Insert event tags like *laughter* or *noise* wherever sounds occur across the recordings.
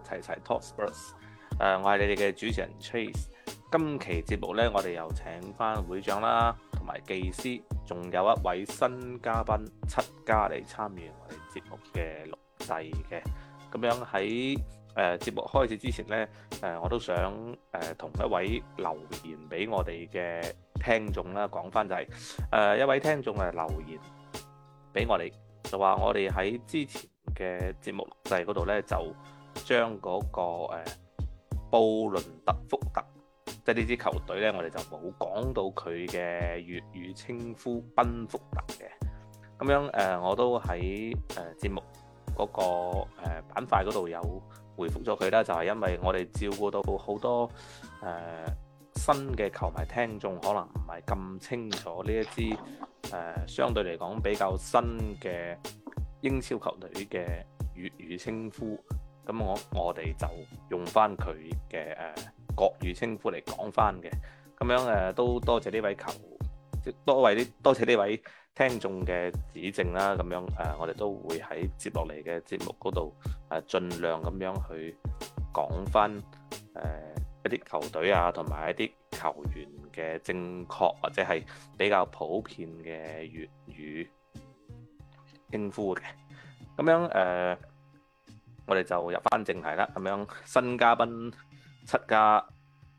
齊齊 Talk Spurs，誒、呃，我係你哋嘅主持人 Chase。今期節目呢，我哋又請翻會長啦，同埋技師，仲有一位新嘉賓 7+ 嚟參與我哋節目嘅錄製嘅。咁樣喺誒節目開始之前呢，誒、呃、我都想誒、呃、同一位留言俾我哋嘅聽眾啦，講翻就係、是、誒、呃、一位聽眾嘅留言俾我哋，就話我哋喺之前嘅節目錄製嗰度呢就，將嗰個、那個、呃、布倫特福特，即係呢支球隊咧，我哋就冇講到佢嘅粵語稱呼賓福特嘅。咁樣誒、呃，我都喺誒節目嗰個、那個板、呃、版塊嗰度有回覆咗佢啦。就係、是、因為我哋照顧到好多誒、呃、新嘅球迷聽眾，可能唔係咁清楚呢一支誒、呃、相對嚟講比較新嘅英超球隊嘅粵語稱呼。咁我我哋就用翻佢嘅誒國語稱呼嚟講翻嘅，咁樣誒都、呃、多謝呢位球，多位啲多謝呢位聽眾嘅指正啦，咁樣誒、呃、我哋都會喺接落嚟嘅節目嗰度誒，盡量咁樣去講翻誒、呃、一啲球隊啊，同埋一啲球員嘅正確或者係比較普遍嘅粵語稱呼嘅，咁樣誒。呃。我哋就入翻正題啦，咁樣新嘉賓七家誒、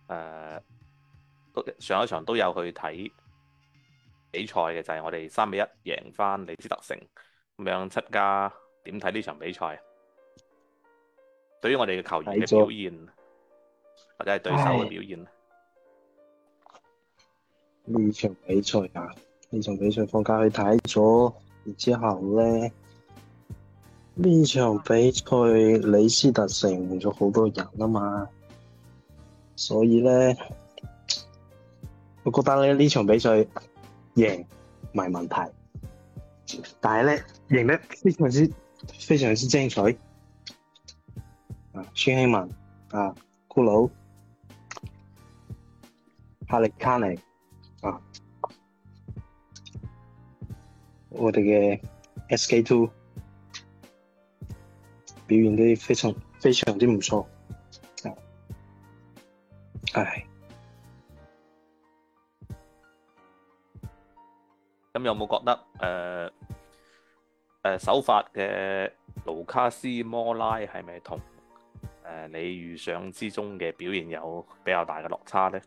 呃，上一場都有去睇比賽嘅，就係、是、我哋三比一贏翻李斯特城，咁樣七家點睇呢場比賽？對於我哋嘅球員嘅表現，或者係對手嘅表現咧？呢場比賽啊，呢場比賽放假去睇咗，然之後咧。呢場比賽李斯特成咗好多人啊嘛，所以咧，我覺得咧呢場比賽贏唔係問題，但係咧贏得非常之非常之精彩。啊，孫興文啊，骷髏，哈利卡尼啊，我哋嘅 SKTwo。表現都非常非常之唔錯，係。咁有冇覺得誒誒，首發嘅盧卡斯摩拉係咪同誒你預想之中嘅表現有比較大嘅落差咧？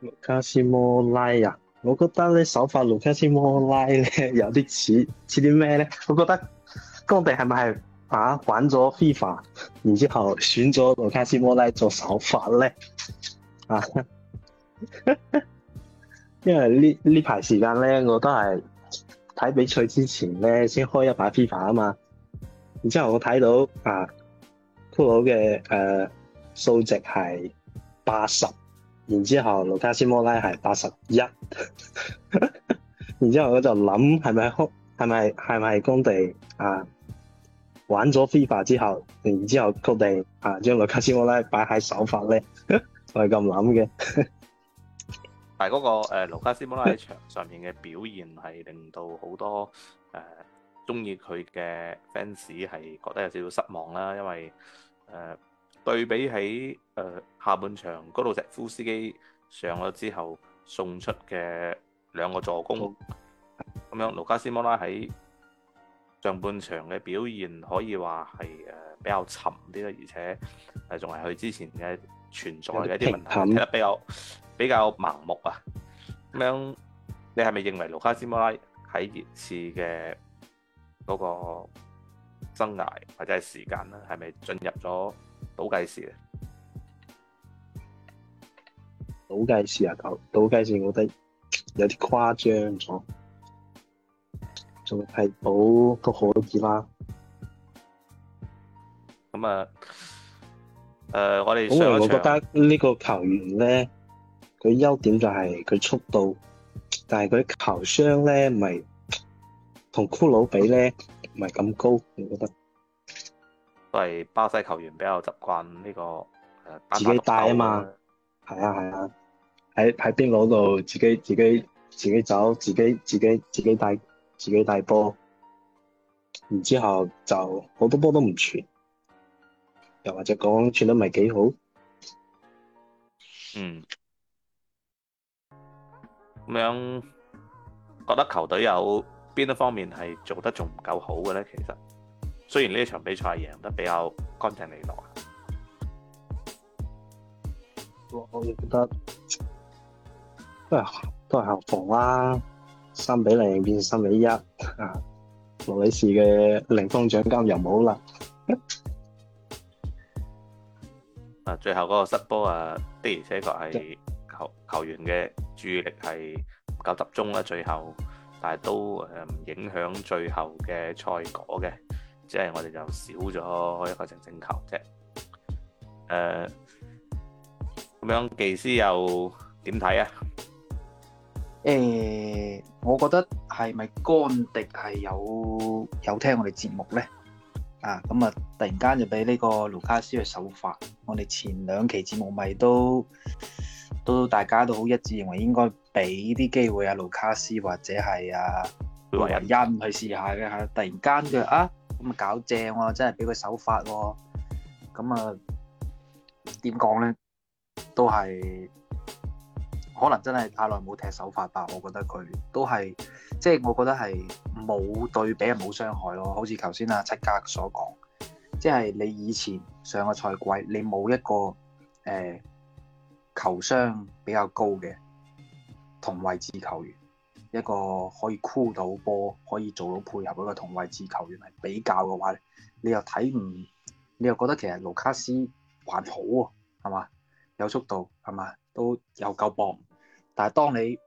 盧卡斯摩拉呀、啊，我覺得咧首發盧卡斯摩拉咧有啲似似啲咩咧？我覺得。干地係咪係吓玩咗 FIFA，然之後選咗盧卡斯摩拉做手法咧？啊， *laughs* 因為呢呢排時間咧，我都係睇比賽之前咧先開一把 FIFA 啊嘛。然之後我睇到啊，C 羅嘅誒數值係八十，然之後盧卡斯摩拉係八十一， *laughs* 然之後我就諗係咪係咪係咪干地啊？玩咗 FIFA 之後，然之後決定啊將盧卡斯摩拉擺喺手法咧，我係咁諗嘅。 *laughs* 但係嗰個誒盧卡斯摩拉喺場上面嘅表現係令到好多誒中意佢嘅 fans 係覺得有少少失望啦，因為誒、呃、對比起誒、呃、下半場嗰度石夫斯基上咗之後送出嘅兩個助攻，咁樣盧卡斯摩拉喺上半場嘅表現可以話係誒比較沉啲啦，而且誒仲係佢之前嘅存在嘅一啲問題，睇得比較比較盲目啊。咁樣你係咪認為盧卡斯莫拉喺熱刺嘅嗰個生涯或者係時間咧，係咪進入咗倒計時咧？倒計時啊，倒計時，我覺得有啲誇張咗。係，好都可以啦。咁啊，誒、呃，我哋。咁我覺得呢個球員咧，佢優點就係佢速度，但係佢球商咧，唔係同骷髏比咧，唔係咁高。我覺得。都係巴西球員比較習慣呢個誒、嗯啊啊，自己帶啊嘛。係啊係啊，喺喺邊路度自己自己自己走，自己自己自己帶。自己帶波，然之後就好多波都唔傳，又或者講，傳得唔係幾好，嗯，咁樣覺得球隊有邊一方面係做得仲唔夠好嘅咧？其實雖然呢一場比賽係贏得比較乾淨利落，我亦覺得都係都係後防啦，啊。三比零變三比一，啊，羅里士嘅零封獎金又冇啦。啊，最後嗰個失波啊，的而且確係球球員嘅注意力係唔夠集中啦，最後，但係都誒唔影響最後嘅賽果嘅，即係我哋就少咗一個淨勝球啫。誒、呃，咁樣技師又點睇啊？誒、欸，我覺得係咪干地係有有聽我哋節目咧？啊，咁啊，突然間就俾呢個盧卡斯嘅手法，我哋前兩期節目咪都都大家都好一致認為應該俾啲機會啊盧卡斯或者係啊維仁去試下嘅嚇、啊，突然間佢啊咁啊搞正喎、啊，真係俾佢手法喎、啊，咁啊點講咧，都係。可能真係太耐冇踢手法吧，我覺得佢都係，即係我覺得係冇對比又冇傷害咯。好似頭先阿七加所講，即係你以前上個賽季你冇一個誒球商比較高嘅同位置球員，一個可以箍到波可以做到配合一個同位置球員嚟比較嘅話咧，你又睇唔，你又覺得其實盧卡斯還好喎，係嘛？有速度係嘛？都有夠搏。但係當你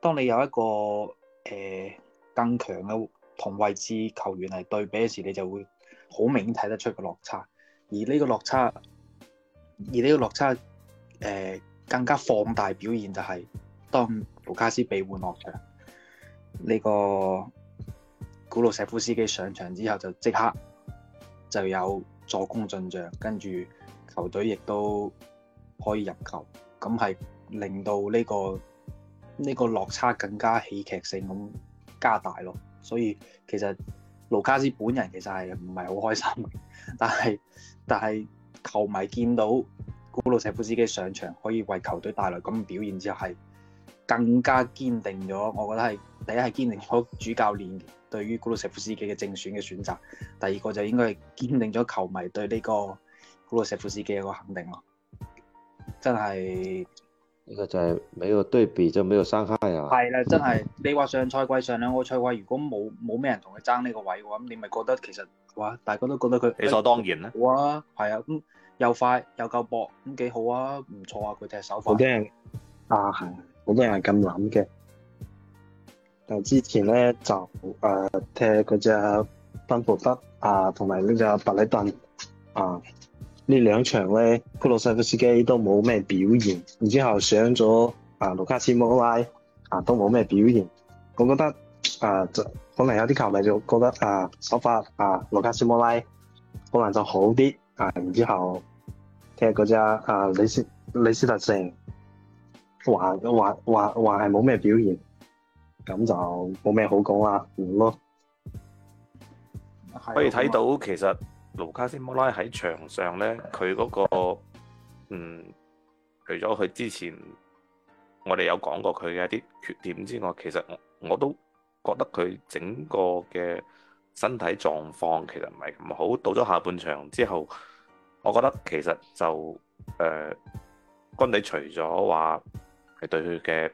當你有一個誒，呃、更強嘅同位置球員嚟對比嘅時候，你就會好明顯睇得出個落差。而呢個落差而呢個落差誒更加放大表現就係、是、當盧卡斯被換落場，呢、這個古魯舍夫斯基上場之後就即刻就有助攻進帳，跟住球隊亦都可以入球，咁係。令到呢個呢個落差更加喜劇性咁加大咯，所以其實盧卡斯本人其實係唔係好開心，但但係但係球迷見到古魯石夫斯基上場可以為球隊帶來咁嘅表現之後，係更加堅定咗。我覺得係第一係堅定咗主教練對於古魯石夫斯基嘅正選嘅選擇，第二個就應該係堅定咗球迷對呢個古魯石夫斯基一個肯定咯，真係～一、就係沒有對比就沒有傷害啊！係啦，真係你話上賽季，上兩個賽季，如果冇冇咩人同佢爭呢個位嘅話，咁你咪覺得其實話大家都覺得佢理、啊、所當然啦。嗯嗯，好啊，係啊，咁又快又夠搏，咁幾好啊，唔錯啊，佢踢手法。好驚啊！係，好多人係咁諗嘅。但之前咧就誒踢嗰隻賓福特啊，同埋呢隻白禮頓啊。呢兩場咧，普魯塞夫斯基都冇咩表現，然之後上咗啊，盧卡斯摩拉啊都冇咩表現。我覺得啊、呃，可能有啲球迷就覺得啊，首發啊，盧卡斯摩拉可能就好啲啊。然之後，睇下嗰隻啊，李斯李斯特城還還還還係冇咩表現，咁就冇咩好講啦，咁咯。可以睇到其實。盧卡斯摩拉喺場上呢，佢嗰個嗯，除咗佢之前我哋有講過佢嘅一啲缺點之外，其實我我都覺得佢整個嘅身體狀況其實唔係咁好。到咗下半場之後，我覺得其實就誒軍隊除咗話係對佢嘅。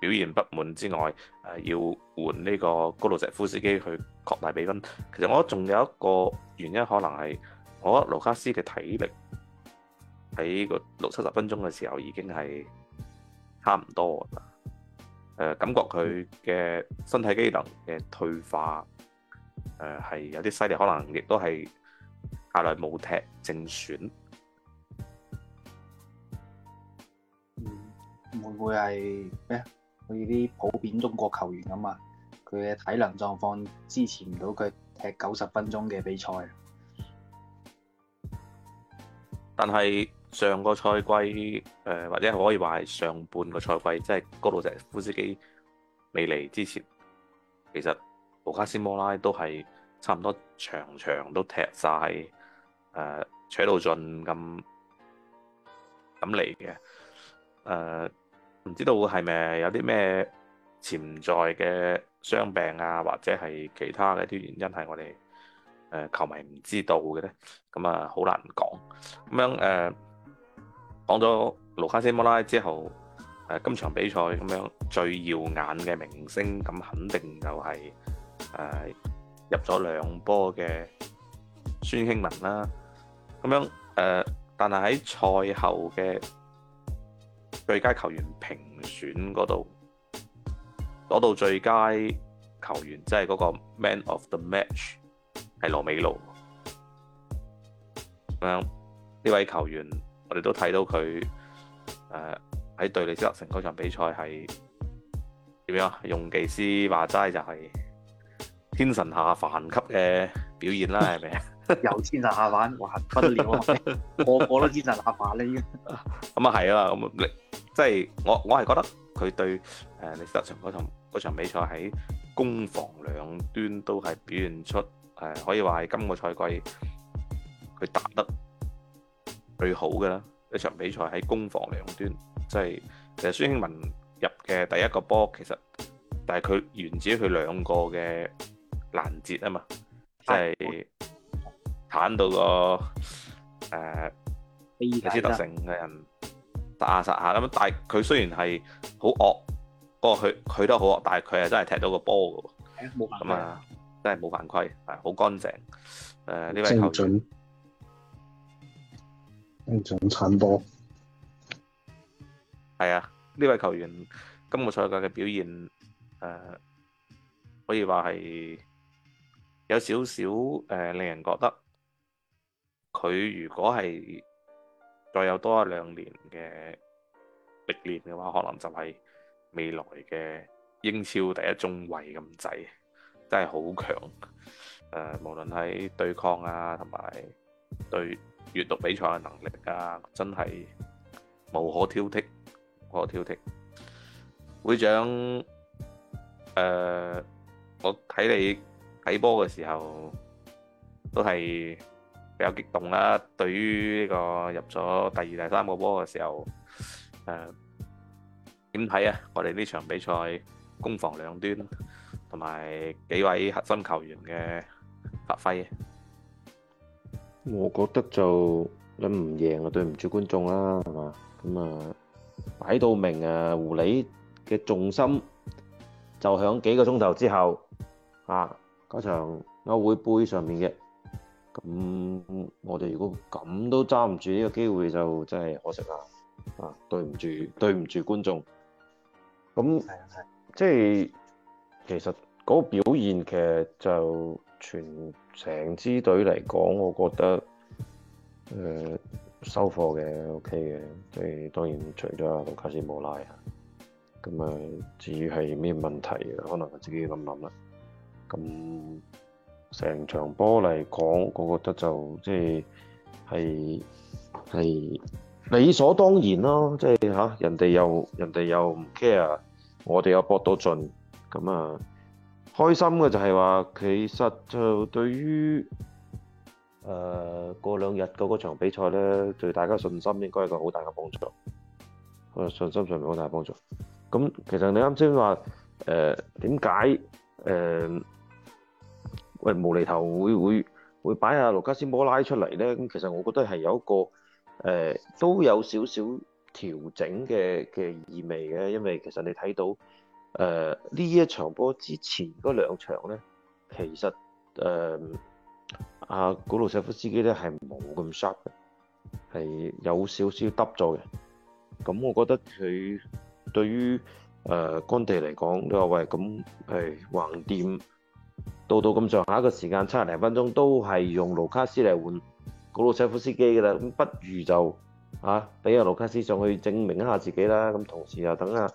表現不滿之外，誒要換呢個高盧石夫斯基去擴大比分。其實我仲有一個原因，可能係我覺得盧卡斯嘅體力喺個六七十分鐘嘅時候已經係差唔多啦。誒、呃，感覺佢嘅身體機能嘅退化，誒、呃、係有啲犀利，可能亦都係下來冇踢正選。嗯、不會唔會係咩啊？好似啲普遍中國球員咁啊，佢嘅體能狀況支持唔到佢踢九十分鐘嘅比賽。但係上個賽季，誒、呃、或者可以話係上半個賽季，即係古盧塞夫斯基未嚟之前，其實盧卡斯摩拉都係差唔多場場都踢晒，誒、呃，扯到盡咁咁嚟嘅，誒。呃唔知道係咪有啲咩潛在嘅傷病啊，或者係其他嘅啲原因，係我哋誒球迷唔知道嘅咧，咁啊好難講。咁樣誒講咗盧卡斯摩拉之後，誒、呃、今場比賽咁樣最耀眼嘅明星，咁肯定就係、是、誒、呃、入咗兩波嘅孫興文啦。咁樣誒、呃，但係喺賽後嘅。最佳球員評選嗰度，攞到最佳球員，即係嗰個 Man of the Match 係羅美露。咁樣呢位球員，我哋都睇到佢喺、呃、對李斯特城嗰場比賽係點樣啊？用技師話齋就係天神下凡級嘅表現啦，係咪啊？有天神下凡，哇不了啊！ *laughs* 我我都天神下凡啦，依家咁啊係啊，咁你。我即係我我係覺得佢對誒李斯特城嗰場嗰場比賽喺攻防兩端都係表現出，誒可以話係今個賽季佢打得最好嘅啦，呢場比賽喺攻防兩端。即係其實孫興慜入嘅第一個波其實，但係佢源自於佢兩個嘅攔截啊嘛，即係鏟到個誒李斯特城嘅人。殺、啊、下殺下咁但係佢雖然係好惡，不過佢佢都好惡，但係佢係真係踢到個波噶，咁啊，真係冇犯規，係好乾淨。誒，呢、呃、位球員精準，精準鏟波。係啊，呢位球員今個賽季嘅表現，誒、呃，可以話係有少少誒、呃，令人覺得佢如果係。再有多一兩年嘅歷練嘅話，可能就係未來嘅英超第一中衞咁滯，真係好強。誒、呃，無論係對抗啊，同埋對閲讀比賽嘅能力啊，真係無可挑剔，無可挑剔。會長，誒、呃，我睇你睇波嘅時候都係，比較激動啦，對於呢個入咗第二、第三個波嘅時候，誒，點睇啊？我哋呢場比賽攻防兩端同埋幾位核心球員嘅發揮，我覺得就你唔贏啊，對唔住觀眾啦，係嘛？咁啊，擺到明啊，狐狸嘅重心就響幾個鐘頭之後啊，嗰場歐會杯上面嘅。咁我哋如果咁都揸唔住呢個機會，就真係可惜啦，啊，對唔住，對唔住觀眾。咁，即係其實嗰個表現，其實就全成支隊嚟講，我覺得誒、呃、收貨嘅，OK 嘅。即係當然除咗阿盧卡斯莫拉，咁啊至於係咩問題，可能我自己諗諗啦。咁。成場波嚟講，我覺得就即係係係理所當然咯，即係嚇人哋又人哋又唔 care，我哋又搏到盡咁啊！開心嘅就係話，其實就對於誒、呃、過兩日嗰嗰場比賽咧，對大家信心應該係個好大嘅幫助。啊，信心上面好大嘅幫助。咁其實你啱先話誒點解誒？呃為什麼呃喂，無厘頭會會會擺下盧卡斯摩拉出嚟咧，咁其實我覺得係有一個誒都有少少調整嘅嘅意味嘅，因為其實你睇到誒呢一場波之前嗰兩場咧，其實誒阿古魯塞夫斯基咧係冇咁 sharp 嘅，係有少少耷咗嘅。咁我覺得佢對於誒乾地嚟講，都話喂咁係橫掂。到到咁上下個時間七零分鐘都係用盧卡斯嚟換古魯舍夫斯基嘅啦，咁不如就啊俾阿盧卡斯上去證明一下自己啦，咁同時又等下，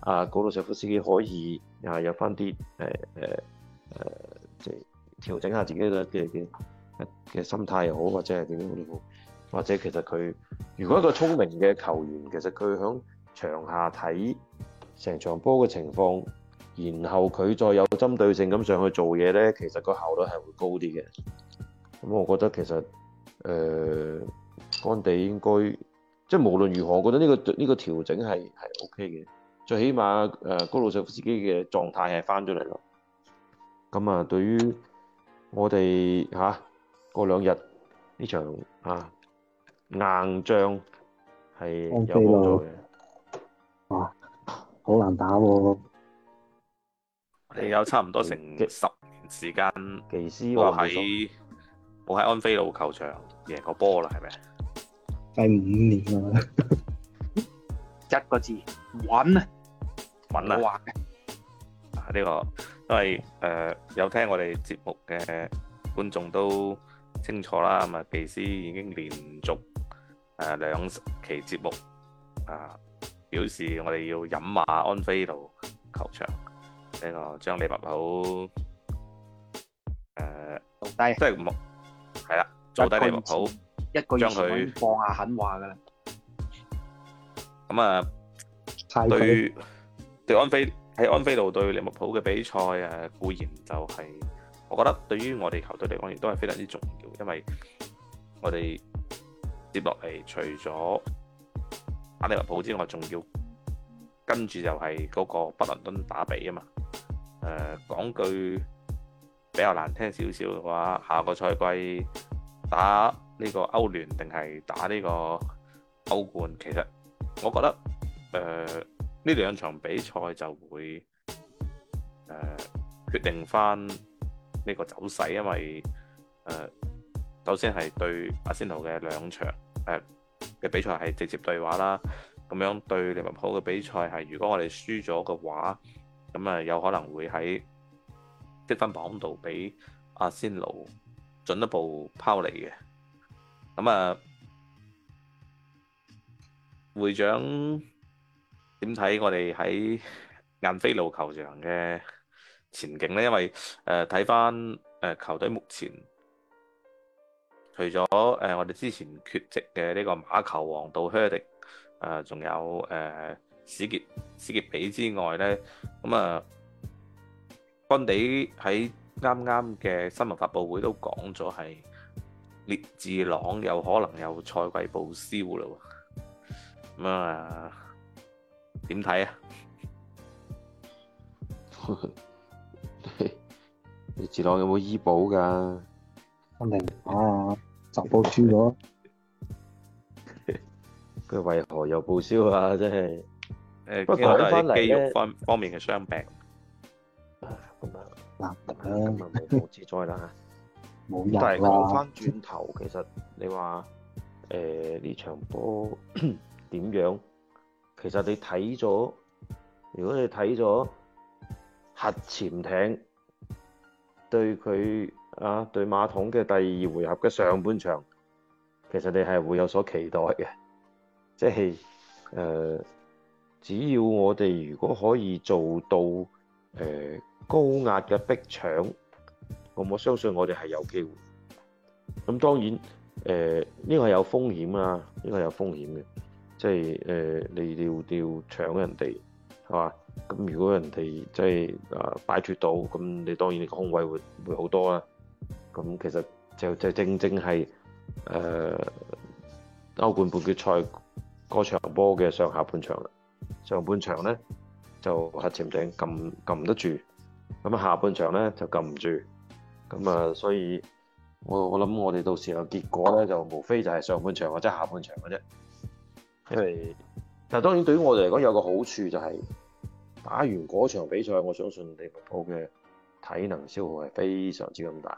阿古魯舍夫斯基可以有翻啲誒誒誒，即係調整下自己嘅嘅嘅心態又好，或者係點樣，或者其實佢如果一個聰明嘅球員，其實佢響場下睇成場波嘅情況。然後佢再有針對性咁上去做嘢咧，其實個效率係會高啲嘅。咁我覺得其實誒，干、呃、地應該即係無論如何，我覺得呢、呢個呢、呢個調整係係 OK 嘅。最起碼誒，格魯舍夫斯基嘅狀態係翻咗嚟咯。咁啊，對於我哋嚇、啊、過兩日呢場啊硬仗係有幫助嘅。哇，好難打喎，啊！你有差唔多成十年時間，技師話喺我喺安菲路球場贏過波啦，係咪？第五年啦，一個字揾啊，揾啦。啊呢個，因為誒有聽我哋節目嘅觀眾都清楚啦，咁啊技師已經連續誒兩期節目啊表示我哋要飲馬安菲路球場。呢個將利物浦誒，即係冇係啦，做低，低利物浦，將佢放下狠話㗎啦。咁啊，對對安菲喺安菲路對利物浦嘅比賽誒，固然就係、是，我覺得對於我哋球隊嚟講，亦都係非常之重要，因為我哋接落嚟除咗打利物浦之外，仲要。跟住就係嗰個北倫敦打比啊嘛，誒、呃、講句比較難聽少少嘅話，下個賽季打呢個歐聯定係打呢個歐冠，其實我覺得誒呢兩場比賽就會誒、呃、決定翻呢個走勢，因為誒、呃、首先係對阿仙奴嘅兩場誒嘅、呃、比賽係直接對話啦。咁樣對利物浦嘅比賽係，如果我哋輸咗嘅話，咁啊有可能會喺積分榜度畀阿仙奴進一步拋離嘅。咁啊，會長點睇我哋喺晏菲路球場嘅前景呢？因為誒睇翻誒球隊目前，除咗誒、呃、我哋之前缺席嘅呢個馬球王道靴迪。誒、呃，仲有誒、呃、史傑史傑比之外咧，咁、嗯、啊，干地喺啱啱嘅新聞發佈會都講咗係列治朗有可能有賽季報銷啦喎，咁、嗯、啊，點睇啊？列 *laughs* 治朗有冇醫保噶？干地啊，集報輸咗。佢為何又報銷啊？即係誒，不過係肌肉方方面嘅傷病咁啊，難得今日、啊、今 *laughs* 日無福之災啦嚇，冇。但係講翻轉頭，其實你話誒呢場波點樣？其實你睇咗，如果你睇咗核潛艇對佢啊對馬桶嘅第二回合嘅上半場， *laughs* 其實你係會有所期待嘅。即係誒、呃，只要我哋如果可以做到誒、呃、高壓嘅逼搶，我我相信我哋係有機會。咁當然誒，呢個係有風險啊，呢個係有風險嘅，即係誒、呃，你要要搶人哋係嘛？咁如果人哋即係啊、呃、擺脫到，咁你當然你個空位會會好多啦。咁其實就就正正係誒、呃、歐冠半決賽。個場波嘅上下半場啦，上半場咧就核潛頂，撳撳得住，咁啊下半場咧就撳唔住，咁啊所以我我諗我哋到時候結果咧就無非就係上半場或者下半場嘅啫。因為嗱當然對於我哋嚟講有個好處就係、是、打完嗰場比賽，我相信利物浦嘅體能消耗係非常之咁大，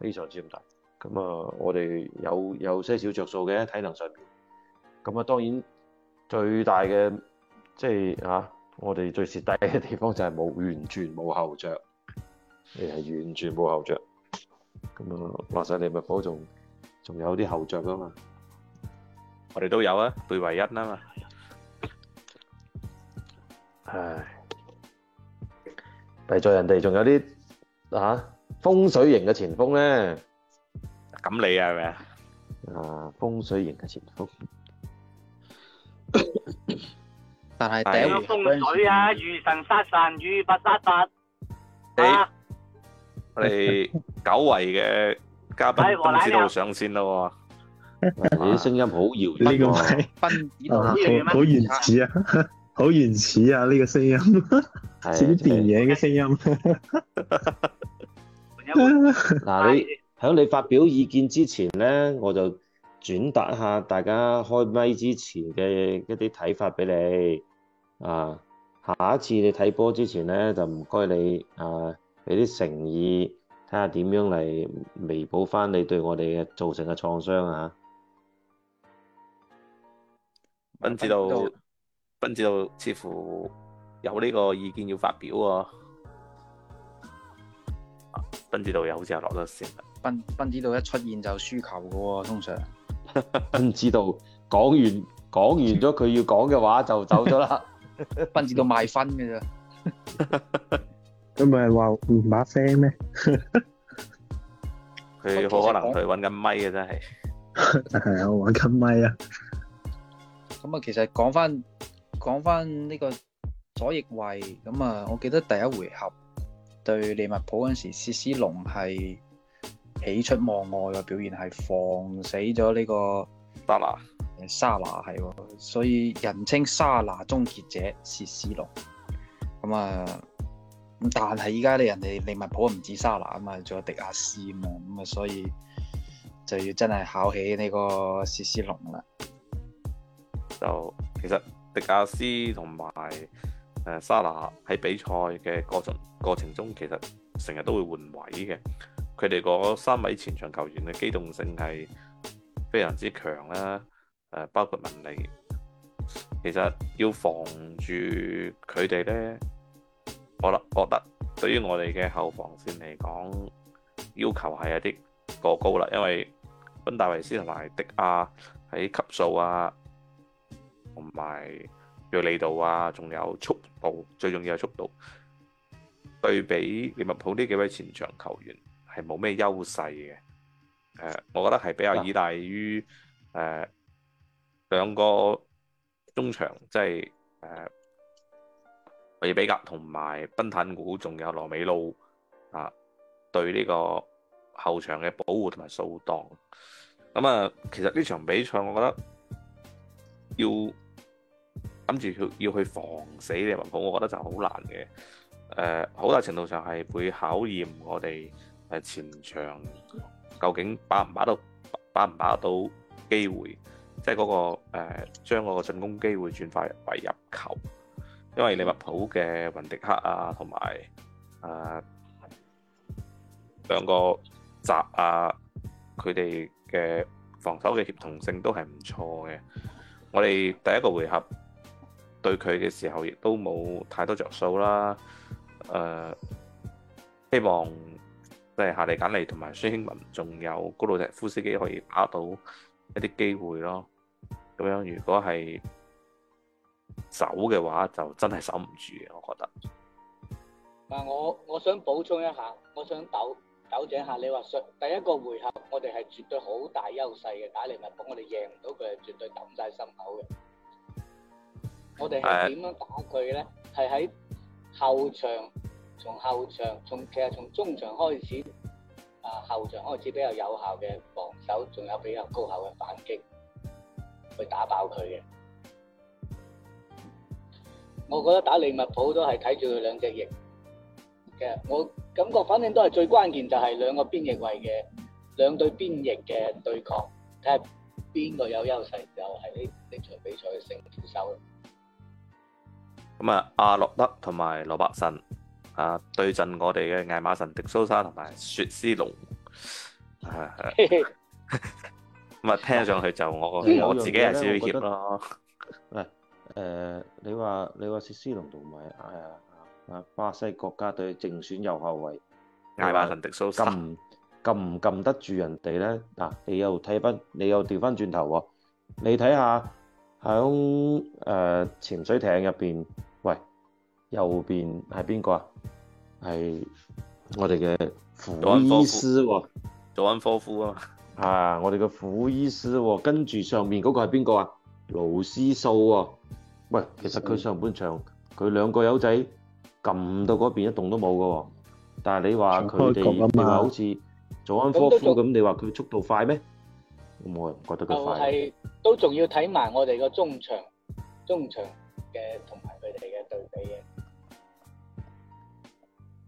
非常之咁大，咁啊我哋有有些少着數嘅體能上面。咁啊，當然最大嘅即係、啊、我哋最蝕底嘅地方就係完全冇後著 *laughs* 你係完全冇後着，咁啊，落曬利物浦仲仲有啲後著噶嘛？我哋都有啊，對唯一啊嘛。唉，弊在人哋仲有啲風水型嘅前鋒呢。咁你係咪啊？啊，風水型嘅前、啊、前鋒。但係第一樣風水啊，遇神殺神，遇佛殺佛我哋久違嘅嘉賓終於都上線啦，你啲聲音、這個啊啊啊啊啊、好遙遠啊，啊！好原始啊！好原始啊！呢個聲音似啲電影嘅聲音。嗱、啊，你響你發表意見之前咧，我就。轉達下大家開麥之前嘅一啲睇法俾你啊！下一次你睇波之前咧，就唔該你啊，俾啲誠意，睇下點樣嚟彌補翻你對我哋嘅造成嘅創傷啊！斌指導，斌指導，道似乎有呢個意見要發表啊。斌指導又好似落咗線啦。斌斌指導一出現就輸球㗎喎，通常。唔知道，講完講完咗佢要講嘅話就走咗啦。奔住個麥分嘅啫，佢唔係話換把聲咩？佢好可能佢揾緊咪嘅真係。係啊，我揾緊咪啊。咁啊，其實講翻講翻呢個左翼衛，咁啊，我記得第一回合對利物浦嗰陣時，斯斯隆係。喜出望外嘅表現係防死咗呢個沙拿，沙拿，沙拿係喎，所以人稱沙拿終結者薛斯隆。咁啊，但係依家你人哋利物浦唔止沙拿啊嘛，仲有迪亞斯啊嘛，咁啊，所以就要真係考起呢個薛斯隆啦。就其實迪亞斯同埋誒沙拿喺比賽嘅過程過程中，其實成日都會換位嘅。佢哋嗰三位前場球員嘅機動性係非常之強啦、啊，包括文尼。其實要防住佢哋呢，我覺得覺得對於我哋嘅後防線嚟講，要求係有啲過高啦，因為賓戴維斯同埋迪亞、啊、喺級數啊，同埋銳利度啊，仲有速度，最重要係速度，對比利物浦呢幾位前場球員。係冇咩優勢嘅，誒，我覺得係比較倚賴於誒、啊呃、兩個中場，即係誒利比格同埋賓坦古，仲有羅美魯啊、呃。對呢個後場嘅保護同埋掃檔咁啊、呃。其實呢場比賽，我覺得要諗住去要去防死利物浦，我覺得就好難嘅。誒、呃，好大程度上係會考驗我哋。誒前場究竟把唔把到，把唔把，把得到機會，即係嗰個誒、呃、將嗰個進攻機會轉化為入球，因為利物浦嘅雲迪克啊，同埋誒兩個集啊，佢哋嘅防守嘅協同性都係唔錯嘅。我哋第一個回合對佢嘅時候，亦都冇太多着數啦。誒、呃，希望。即係夏利簡尼同埋孫興文，仲有高路迪夫斯基可以打到一啲機會咯。咁樣如果係守嘅話，就真係守唔住嘅，我覺得我。嗱，我我想補充一下，我想糾糾正下你話，第一個回合我哋係絕對好大優勢嘅，打嚟咪幫我哋贏唔到佢係絕對抌晒心口嘅。我哋係點樣打佢咧？係喺後場。從後場，從其實從中場開始，啊後場開始比較有效嘅防守，仲有比較高效嘅反擊，去打爆佢嘅。我覺得打利物浦都係睇住佢兩隻翼嘅，我感覺反正都係最關鍵就係兩個邊翼位嘅兩對邊翼嘅對抗，睇下邊個有優勢就係呢呢場比賽嘅勝負手咯。咁啊，阿諾德同埋羅伯遜。啊！對陣我哋嘅艾馬神迪蘇沙同埋雪絲龍，係係。咁啊，聽上去就我我自己係少少協咯。喂，誒，你話你話雪絲龍同埋係啊，啊，巴西國家隊正選右後衞艾馬神迪蘇沙，撳撳唔撳得住人哋咧？嗱，你又睇翻，你又調翻轉頭喎，你睇下響誒潛水艇入邊。.右邊係邊個啊？係我哋嘅傅醫師喎，佐安科，科夫啊嘛。啊，我哋嘅傅醫師喎，跟住上面嗰個係邊個啊？盧斯素喎，哦。喂，其實佢上半場佢兩個友仔撳到嗰邊一動都冇噶，哦，但係你話佢哋，你話好似佐安科夫咁，你話佢速度快咩？我唔覺得佢快。都係都仲要睇埋我哋個中場，中場嘅同。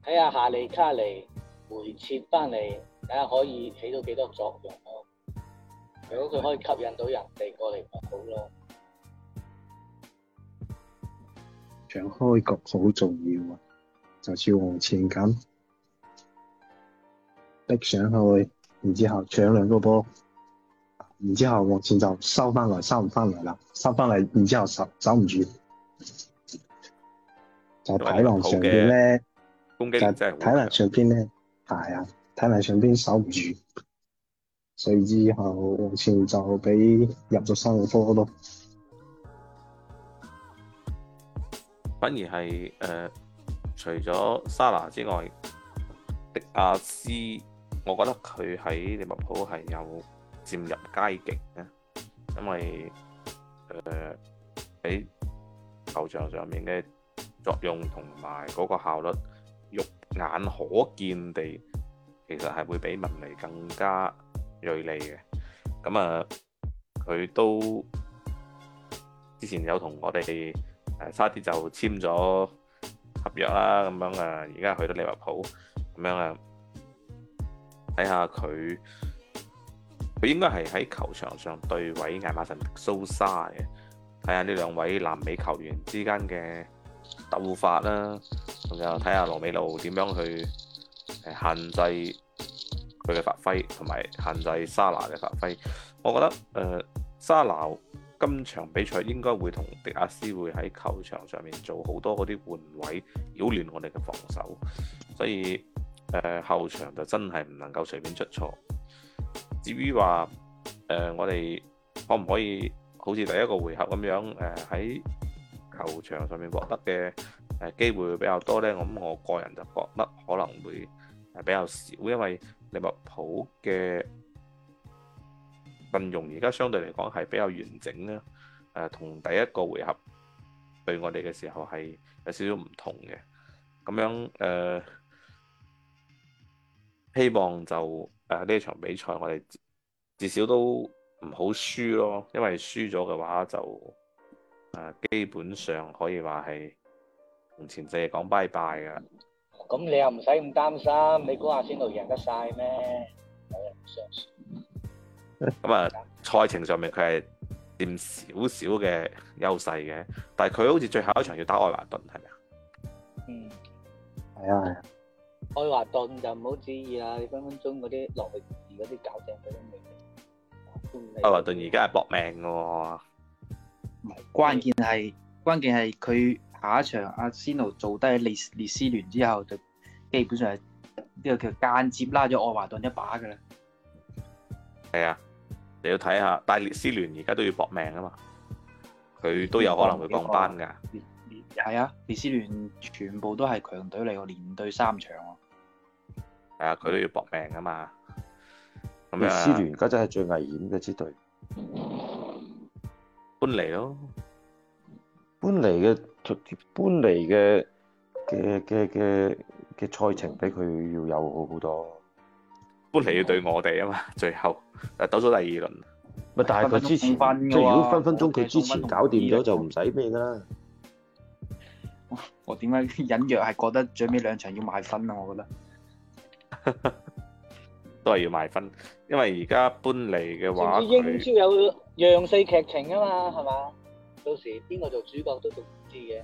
睇、哎、下哈利卡尼回撤翻嚟，睇下可以起到幾多作用咯。如果佢可以吸引到人哋過嚟，咪好咯。搶開局好重要啊！就似往前咁逼上去，然之後搶兩個波，然之後往前就收翻嚟，收唔翻嚟啦，收翻嚟，然之後守守唔住，就體能上邊咧。就係體能上邊呢，係啊，體能上邊守唔住，所以之後目前就畀入咗生活科咯。反而係誒、呃，除咗沙拿之外，迪亞斯，我覺得佢喺利物浦係有漸入佳境嘅，因為誒喺、呃、球場上面嘅作用同埋嗰個效率。肉眼可見地，其實係會比文尼更加銳利嘅。咁啊，佢都之前有同我哋誒差啲就簽咗合約啦，咁樣啊，而家去到利物浦咁樣啊，睇下佢佢應該係喺球場上對位艾馬臣蘇沙嘅。睇下呢兩位南美球員之間嘅。鬥法啦，仲有睇下羅美路點樣去限制佢嘅發揮，同埋限制沙拿嘅發揮。我覺得誒，沙拿今場比賽應該會同迪亞斯會喺球場上面做好多嗰啲換位，擾亂我哋嘅防守。所以誒後場就真係唔能夠隨便出錯。至於話誒，我哋可唔可以好似第一個回合咁樣誒喺？球場上面獲得嘅誒，機會會比較多呢？我我個人就覺得可能會誒，比較少，因為利物浦嘅陣容而家相對嚟講係比較完整啦。同第一個回合對我哋嘅時候係有少少唔同嘅，咁樣誒、呃、希望就誒呢一場比賽我哋至少都唔好輸咯，因為輸咗嘅話就～誒，基本上可以話係同前四講拜拜噶。咁你又唔使咁擔心，嗯、你估下先到贏得晒咩？相、嗯、信。咁啊，賽程上面佢係佔少少嘅優勢嘅，但係佢好似最後一場要打愛華頓，係咪啊？嗯，係啊，愛華頓就唔好注意啦，你分分鐘嗰啲落去而嗰啲搞正佢都未、啊。愛華頓而家係搏命嘅、哦。唔係關鍵係關鍵係佢下一場阿仙奴做低列列斯聯之後，就基本上係呢、這個叫間接拉咗愛華頓一把噶啦。係啊，你要睇下，但列斯聯而家都要搏命啊嘛，佢都有可能會降班噶。係啊，列斯聯全部都係強隊嚟噶，連對三場啊。係啊，佢都要搏命啊嘛。咁列斯聯而家真係最危險嘅支隊。嗯搬嚟咯，搬嚟嘅，直接搬嚟嘅嘅嘅嘅嘅，賽程俾佢要有好好多。搬嚟要對我哋啊嘛，最後誒走咗第二輪。咪但係佢之前，即係如果分分鐘佢之前搞掂咗就唔使咩啦。我點解隱約係覺得最尾兩場要賣分啊？我覺得都係要賣分，因為而家搬嚟嘅話，英超有。楊氏劇情啊嘛，係嘛？到時邊個做主角都仲唔知嘅，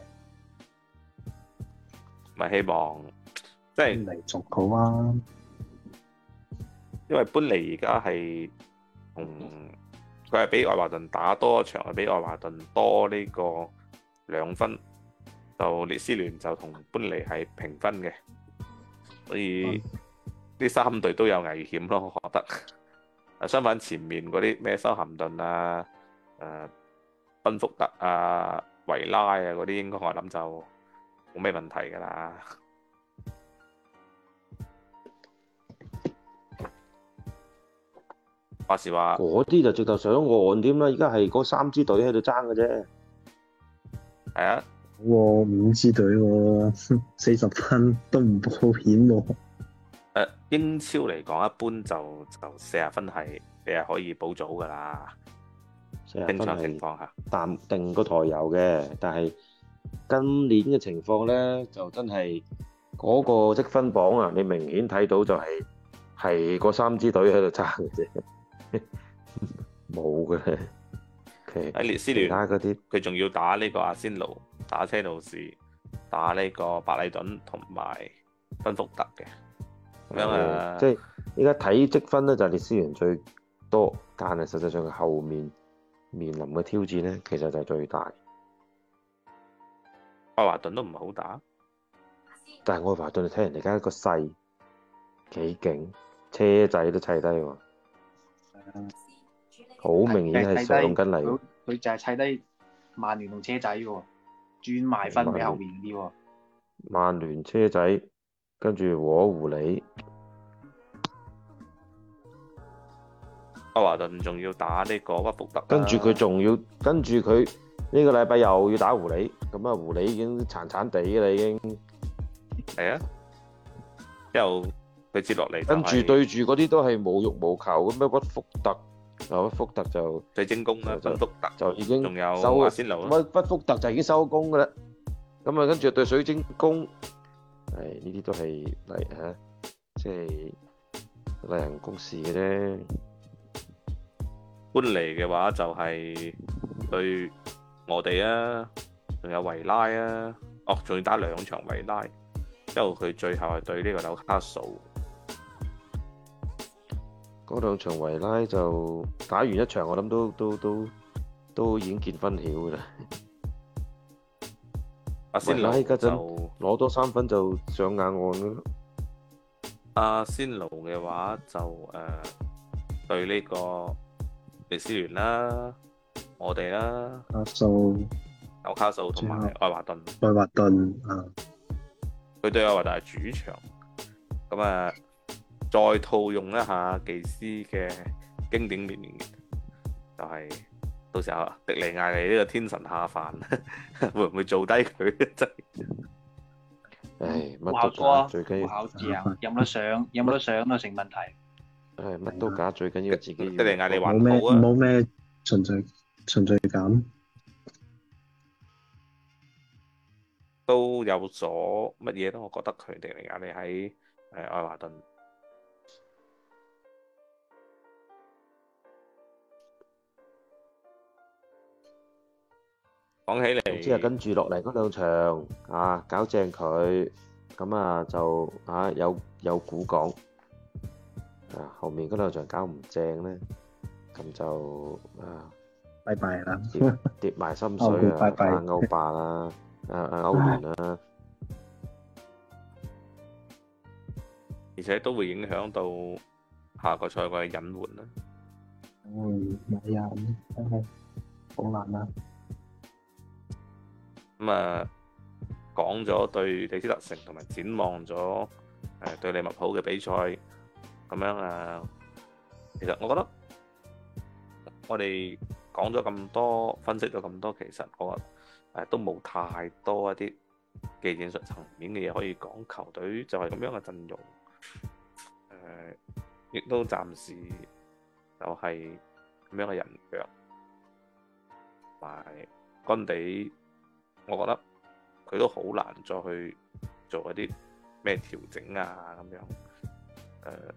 咪希望即係般尼仲好啊！因為般尼而家係同佢係比愛華頓打多場，比愛華頓多呢個兩分，就列斯聯就同般尼係平分嘅，所以呢三隊都有危險咯，我覺得。相反，前面嗰啲咩修咸頓啊、誒、呃、賓福特、呃、啊、維拉啊嗰啲，應該我諗就冇咩問題㗎啦。話時話嗰啲就直頭上岸點啦，而家係嗰三支隊喺度爭嘅啫。係啊，我、哦、五支隊喎、啊，四十分都唔保險喎。英超嚟講，一般就就四十分係你係可以保組噶啦。正常情況下，但定個台有嘅，但係今年嘅情況咧，就真係嗰個積分榜啊，你明顯睇到就係係嗰三支隊喺度爭嘅啫，冇 *laughs* 嘅。喺列斯聯，而家嗰啲佢仲要打呢個阿仙奴，打車路士，打呢個白禮頓同埋芬福德嘅。嗯、即係依家睇積分咧，就係、是、列斯聯最多，但係實際上佢後面面臨嘅挑戰咧，其實就係最大。愛華頓都唔係好打，但係愛華頓你睇人哋而家一個勢幾勁，車仔都砌低喎，好、嗯、明顯係上緊嚟。佢就係砌低曼聯同車仔喎，轉賣分俾後面啲喎。曼聯車仔。跟住和狐狸，阿華頓仲要打呢個屈福特，跟住佢仲要跟住佢呢個禮拜又要打狐狸，咁啊狐狸已經殘殘地啦已經，係啊，又佢接落嚟，跟住對住嗰啲都係無欲無求咁啊屈福特，啊屈福特就水晶宮啦，屈福特就已經收阿仙奴，啊屈福特就已經收工噶啦，咁啊跟住對水晶宮。係呢啲都係嚟吓，即、啊、係、就是、例行公事嘅咧。搬嚟嘅話就係對我哋啊，仲有維拉啊，哦，仲要打兩場維拉，因為佢最後係對呢個紐卡素。嗰兩場維拉就打完一場我，我諗都都都都已經見分曉噶啦。阿仙奴就攞多三分就上眼岸嘅咯。阿仙奴嘅話就誒對呢個列斯聯啦，我哋啦，卡素、紐卡素同埋愛華頓，愛華頓啊，佢對愛華頓係主場，咁啊再套用一下技師嘅經典名言嘅，就係。到時候啊，迪尼亞利呢個天神下凡，會唔會做低佢？真係，唉，乜都假，最緊要考字啊！有冇得上？有冇得上都成問題。唉，乜都假，最緊要自己。迪尼亞利還好啊！冇咩冇咩純粹純粹感，都有咗乜嘢都，我覺得佢迪尼亞利喺誒愛華頓。講起嚟，總之啊，跟住落嚟嗰兩場啊，搞正佢，咁啊就啊有有古講啊，後面嗰兩場搞唔正咧，咁就啊，拜拜啦，跌埋心水啊，拜拜歐霸啦，啊啊歐文啊，而且都會影響到下個賽季嘅引援啦，咁會咪引真係好難啦。咁啊，講咗對李斯特城同埋展望咗誒對利物浦嘅比賽咁樣啊。其實我覺得我哋講咗咁多，分析咗咁多，其實我誒都冇太多一啲技戰術層面嘅嘢可以講。球隊就係咁樣嘅陣容，誒亦都暫時就係咁樣嘅人腳同埋干地。我覺得佢都好難再去做一啲咩調整啊咁樣，誒、呃、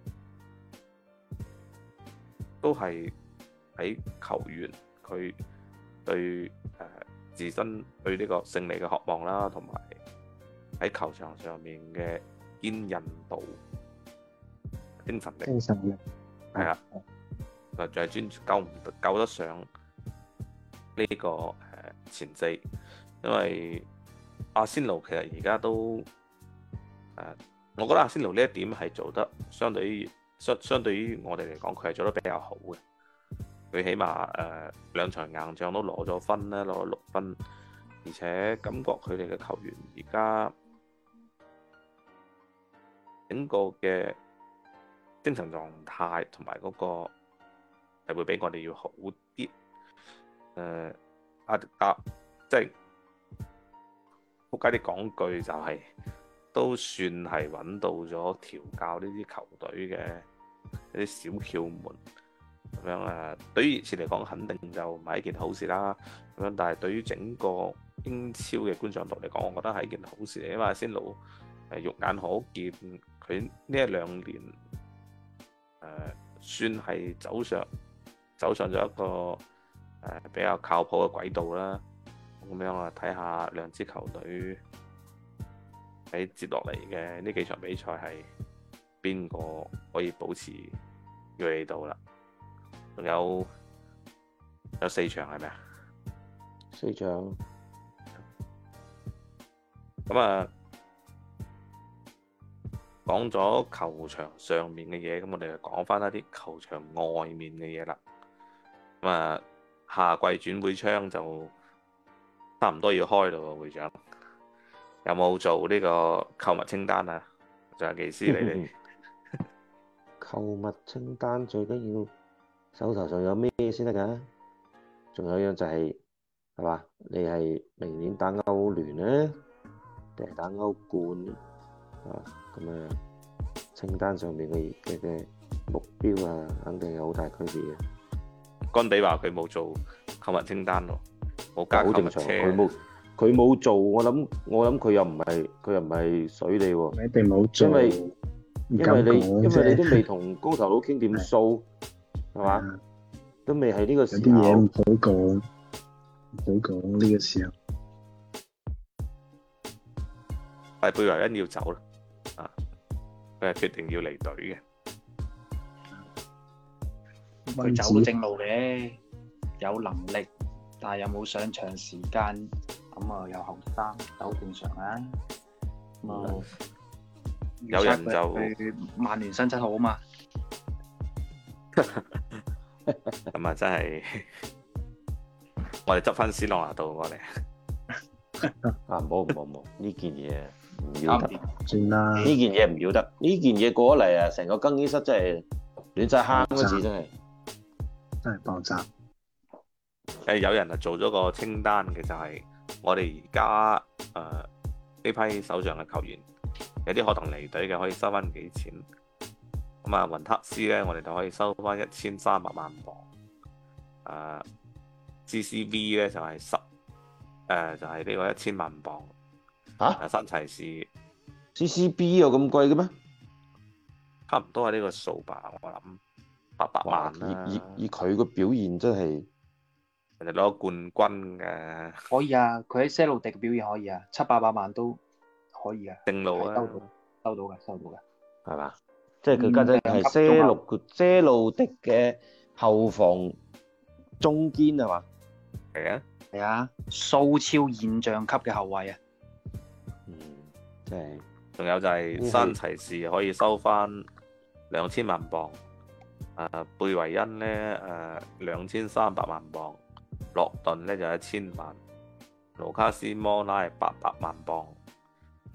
都係喺球員佢對誒、呃、自身對呢個勝利嘅渴望啦，同埋喺球場上面嘅堅韌度、精神力，係啊，就係專注夠唔夠得上呢、這個誒、呃、前四。因為阿仙奴其實而家都誒、呃，我覺得阿仙奴呢一點係做得相對於相相對於我哋嚟講，佢係做得比較好嘅。佢起碼誒、呃、兩場硬仗都攞咗分啦，攞咗六分，而且感覺佢哋嘅球員而家整個嘅精神狀態同埋嗰個係會比我哋要好啲。誒、呃，阿迪達、啊、即係。仆街，啲講句就係、是、都算係揾到咗調教呢啲球隊嘅一啲小竅門咁樣啊！對於熱刺嚟講，肯定就唔係一件好事啦。咁樣，但係對於整個英超嘅觀賞度嚟講，我覺得係一件好事，因啊嘛。先老肉眼可見，佢呢一兩年、呃、算係走上走上咗一個、呃、比較靠譜嘅軌道啦。咁樣啊，睇下兩支球隊喺接落嚟嘅呢幾場比賽係邊個可以保持鋭度啦？仲有有四場係咩四場咁啊。講咗球場上面嘅嘢，咁我哋就講翻一啲球場外面嘅嘢啦。咁啊，夏季轉會窗就～差唔多要開咯，會長，有冇做呢個購物清單啊？仲有技師你哋購 *laughs* 物清單最緊要手頭上有咩先得噶？仲有一樣就係、是，係嘛？你係明年打歐聯咧，定係打歐冠啊，咁啊，清單上面嘅嘅嘅目標啊，肯定有好大區別嘅。干地話佢冇做購物清單喎。我好正常，佢冇佢冇做，我諗我諗佢又唔係佢又唔係水地喎，一定冇做，因為因為你因為你都未同光頭佬傾點數，係嘛？都未係呢個時候，有啲嘢唔好講，唔好講呢個時候。但係貝萊因要走啦，啊，佢係決定要離隊嘅，佢走正路嘅，有能力。但係有冇上場時間咁啊？有後生就好正常啦。啊，有人就萬年新七好啊嘛？咁 *laughs* *laughs* 真 *laughs* *laughs* *laughs* 啊，真係我哋執翻先落亞度我哋啊！唔好，唔好，呢件嘢唔要得，算啦。呢件嘢唔要得，呢件嘢過咗嚟啊！成個更衣室真係亂晒坑陣時，真係真係爆炸。誒，有人啊做咗個清單嘅，就係、是、我哋而家誒呢批手上嘅球員，有啲可能離隊嘅可以收翻幾錢。咁、嗯、啊，雲特斯咧，我哋就可以收翻一千三百萬鎊。誒、呃，C C B 咧就係、是、十、呃，誒就係呢個一千萬鎊。吓、啊，新騎士 g C B 有咁貴嘅咩？差唔多係呢個數吧，我諗八百萬。以以以佢個表現真係。人哋攞冠軍嘅可以啊，佢喺謝路迪嘅表現可以啊，七八百萬都可以啊，正路啊，收到，收到嘅，收到嘅，係嘛？即係佢家姐係謝魯謝迪嘅後防中堅啊，嘛？係啊，係啊，蘇超現象級嘅後衛啊，嗯，即係，仲有就係、是、山齊士可以收翻兩千萬鎊，啊、呃，貝維恩咧，誒、呃，兩千三百萬鎊。洛頓呢就一千萬，盧卡斯摩拉係八百萬鎊，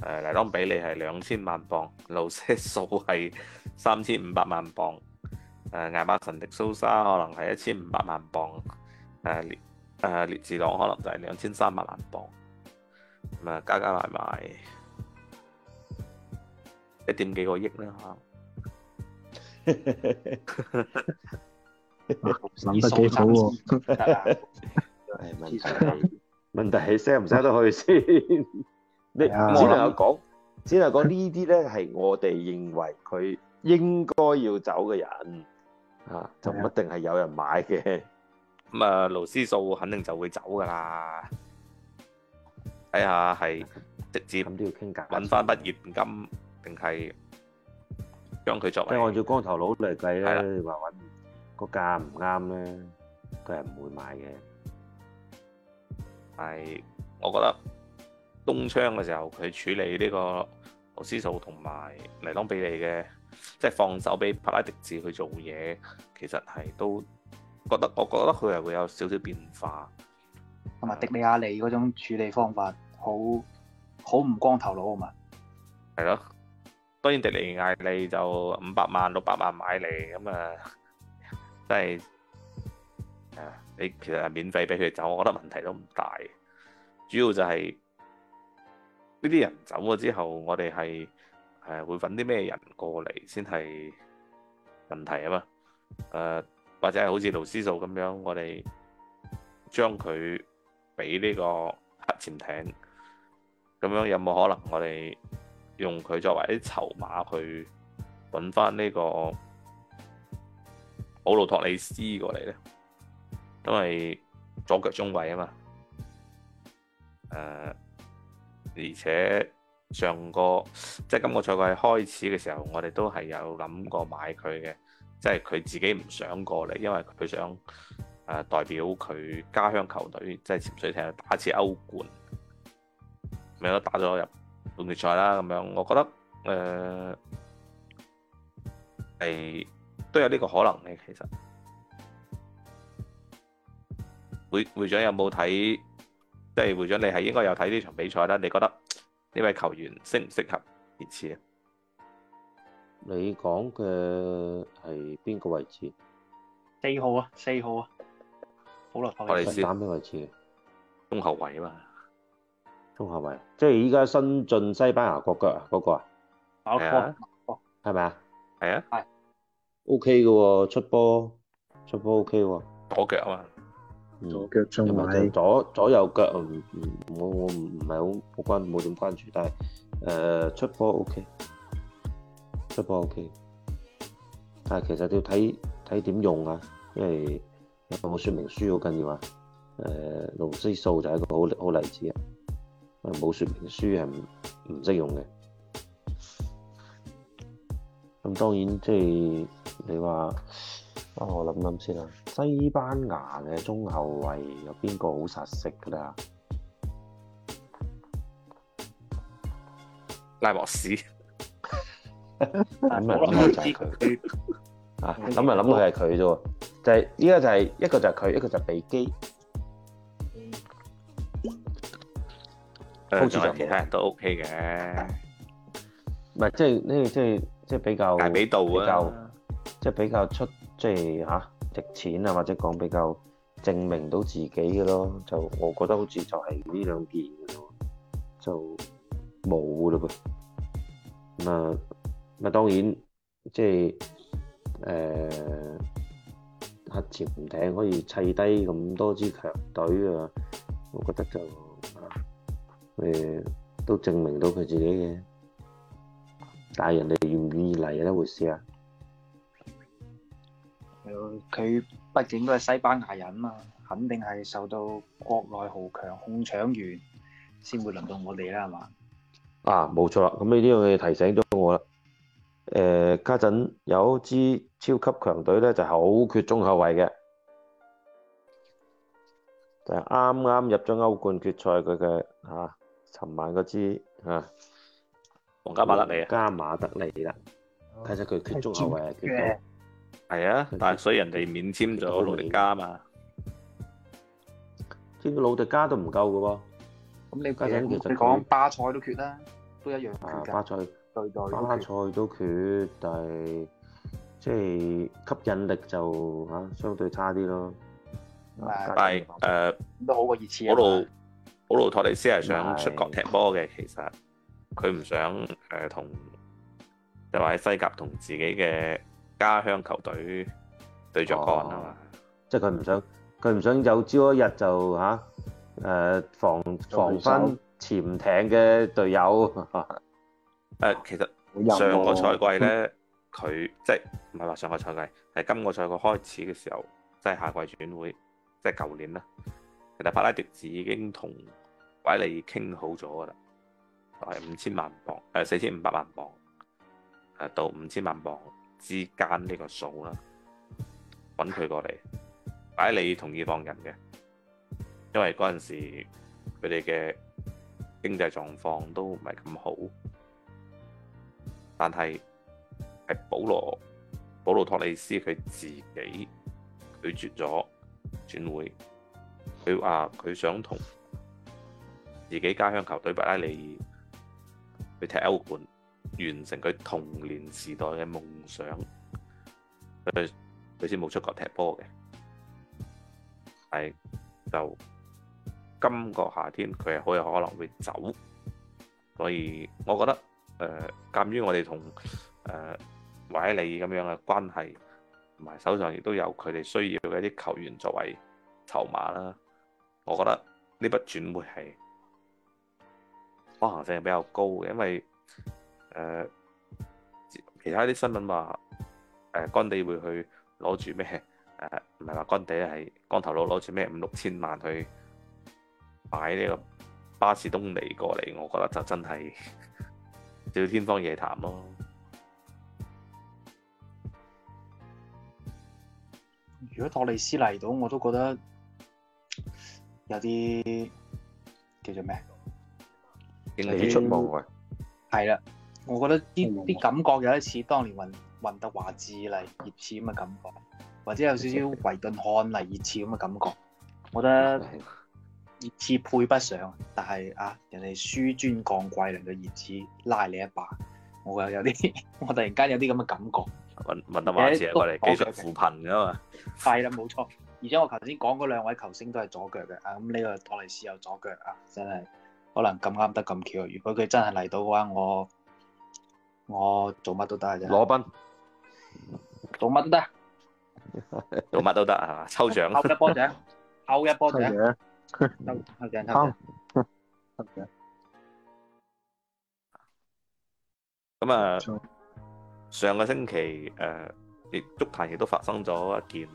誒，恩當比利係兩千萬鎊，勞斯數係三千五百萬鎊，誒，艾馬臣迪蘇沙可能係一千五百萬鎊，誒，誒，列志朗可能就係兩千三百萬鎊，咁啊，加加埋埋一點幾個億啦吓。諗得幾好喎！問題係 sell 唔 sell 得去先？你只能講，只能講呢啲咧，係我哋認為佢應該要走嘅人啊，就唔一定係有人買嘅。咁啊，勞斯數肯定就會走噶啦。睇下係直接都要傾偈，搵返畢業金，定係將佢作為？即係按照光頭佬嚟計咧，話搵個價唔啱咧，佢係唔會買嘅。但係我覺得東窗嘅時候，佢處理呢個奧斯祖同埋尼東比利嘅，即係放手俾帕拉迪治去做嘢，其實係都覺得，我覺得佢係會有少少變化。同埋迪利亞利嗰種處理方法，好好唔光頭腦啊嘛。係咯，當然迪利亞利就五百萬六百萬買嚟咁啊。嗯即係，誒，你其實係免費俾佢走，我覺得問題都唔大。主要就係呢啲人走咗之後，我哋係誒會搵啲咩人過嚟先係問題啊嘛。誒，或者係好似盧思素咁樣，我哋將佢俾呢個核潛艇，咁樣有冇可能我哋用佢作為啲籌碼去揾翻呢個？保羅托里斯過嚟咧，因為左腳中衛啊嘛，誒、呃，而且上個即係今個賽季開始嘅時候，我哋都係有諗過買佢嘅，即係佢自己唔想過嚟，因為佢想誒、呃、代表佢家鄉球隊，即係潛水艇打一次歐冠，咪都打咗入半決賽啦，咁樣，我覺得誒係。呃是都有呢個可能嘅，其實會會長有冇睇？即係會長，你係應該有睇呢場比賽啦。你覺得呢位球員適唔適合熱刺啊？你講嘅係邊個位置？四號啊，四號啊，好啦，我哋先擔個位置？中後衞啊嘛，中後衞，即係依家新進西班牙國腳，那個、啊，嗰個啊，係啊，係咪啊？係啊，係。O K 嘅喎，出波出波 O K 喎，左腳啊嘛、嗯，左腳出埋左左右腳唔唔，我我唔唔係好關冇點關注，但係誒、呃、出波 O K，出波 O K，但係其實要睇睇點用啊，因為有冇說明書好重要啊，誒螺絲掃就係一個好好例子啊，冇說明書係唔唔識用嘅，咁當然即係。你話、啊哦，我諗諗先啦。西班牙嘅中後衛有邊個好實食噶啦？拉莫斯諗咪諗到就係佢，啊諗咪諗到係佢啫。就係依家就係一個就係、是、佢，一個就係比基。好、嗯、似其他人都 OK 嘅，唔係即係呢？即係即係比較，矮尾度即係比較出，即係、啊、值錢或者講比較證明到自己嘅咯，就我覺得好似就係呢兩件嘅咯，就冇啦噃。咁啊，當然即係黑黑潛艇可以砌低咁多支強隊啊，我覺得就誒、呃、都證明到佢自己嘅，但係人哋願唔願意嚟又一回事啊。佢畢竟都係西班牙人嘛，肯定係受到國內豪強控搶完，先會輪到我哋啦，係嘛？啊，冇錯啦，咁呢啲嘢提醒咗我啦。誒、呃，家陣有支超級強隊咧，就好、是、缺中後衞嘅，就啱啱入咗歐冠決賽佢嘅嚇，尋、啊、晚嗰支嚇皇家馬德里啊，皇家馬德里啦，其實佢缺中後衞啊，缺。係啊，但係所以人哋免簽咗魯迪加嘛，只要魯迪加都唔夠噶喎。咁你加上其實講巴塞都缺啦，都一樣巴塞對對，巴塞，對對對決巴塞都缺，但係即係吸引力就吓、啊、相對差啲咯。但係誒都好過熱刺啊。保羅保羅托里斯係想出國踢波嘅，其實佢唔想誒同、呃、就話、是、喺西甲同自己嘅。家鄉球隊對着幹啊嘛、哦，即係佢唔想佢唔想有朝一日就吓誒、啊、防防翻潛艇嘅隊友誒、 *laughs* 呃。其實上個賽季咧，佢即係唔係話上個賽季係今個賽季開始嘅時候，即係下季轉會，即係舊年啦。其實帕拉迪治已經同維尼傾好咗噶啦，係五千萬鎊誒，四千五百萬鎊誒，到五千萬鎊。呃 4, 500, 000, 之間呢個數啦，揾佢過嚟，埃里同意放人嘅，因為嗰陣時佢哋嘅經濟狀況都唔係咁好，但係係保羅保羅托里斯佢自己拒絕咗轉會，佢話佢想同自己家鄉球隊埃里去踢歐冠。完成佢童年時代嘅夢想，佢佢先冇出國踢波嘅。係就今個夏天佢係好有可能會走，所以我覺得誒，鑑、呃、於我哋同誒維埃利咁樣嘅關係，同埋手上亦都有佢哋需要嘅一啲球員作為籌碼啦，我覺得呢筆轉會係可行性比較高嘅，因為.誒、呃，其他啲新聞話，誒、呃，干地會去攞住咩？誒、呃，唔係話干地啊，係光頭佬攞住咩五六千萬去買呢個巴士東尼過嚟，我覺得就真係叫 *laughs* 天方夜譚咯、啊。如果托里斯嚟到，我都覺得有啲叫做咩？有啲出望外嘅，係啦。我覺得呢啲、嗯、感覺有一似當年雲雲德華智嚟熱刺咁嘅感覺，或者有少少維頓漢嚟熱刺咁嘅感覺。我覺得熱刺配不上，但係啊，人哋紆尊降貴嚟嘅熱刺拉你一把，我又有啲我突然間有啲咁嘅感覺。雲雲德華智嚟技術扶貧㗎嘛係啦，冇錯。而且我頭先講嗰兩位球星都係左腳嘅啊，咁呢個托里斯有左腳啊，真係可能咁啱得咁巧。如果佢真係嚟到嘅話，我。我做乜都得啫，攞賓做乜都得，做乜都得啊！抽獎抽一波獎，抽一波獎，抽抽獎，抽獎。咁啊，上個星期誒，足壇亦都發生咗一件